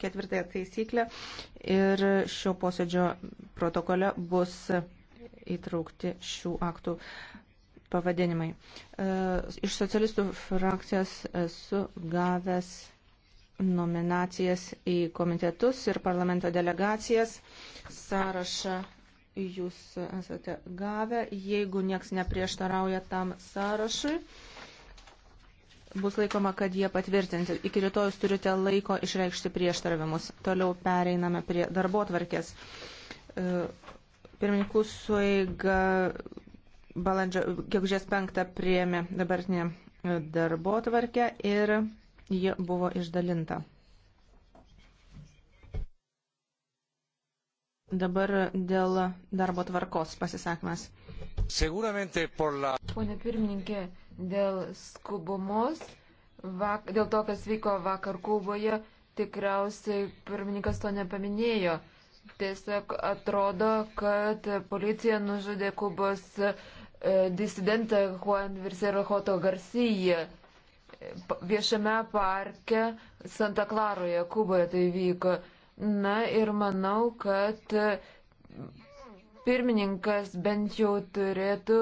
ketvirtąją taisyklę ir šio posėdžio protokole bus įtraukti šių aktų pavadinimai. E, iš socialistų frakcijos esu gavęs nominacijas į komitetus ir parlamento delegacijas. Sąrašą jūs esate gavę. Jeigu nieks neprieštarauja tam sąrašui, bus laikoma, kad jie patvirtinti. Iki rytojus turite laiko išreikšti prieštaravimus. Toliau pereiname prie darbo tvarkės. E, pirmininkų sueiga balandžio, gegužės penktą priėmė dabartinę e, darbo tvarkę ir ji buvo išdalinta. Dabar dėl darbo tvarkos pasisakymas. La... Pone pirmininkė, dėl skubumos, vak, dėl to, kas vyko vakar Kuboje, tikriausiai pirmininkas to nepaminėjo. Tiesiog atrodo, kad policija nužudė Kubos e, disidentą Juan Virsero Hoto Garciją e, viešame parke Santa Klaroje, Kuboje tai vyko. Na ir manau, kad pirmininkas bent jau turėtų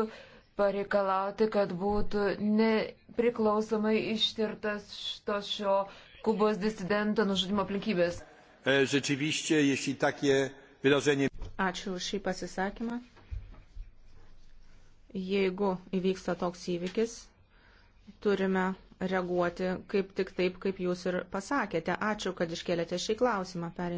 pareikalauti, kad būtų nepriklausomai ištirtas to šio Kubos disidento nužudimo aplinkybės. E, rzeczywiście, jeśli takie wydarzenie. Ačiū už šį pasisakymą. Jeigu įvyksta toks įvykis, turime reaguoti kaip tik taip, kaip jūs ir pasakėte. Ačiū, kad iškėlėte šį klausimą. Perė.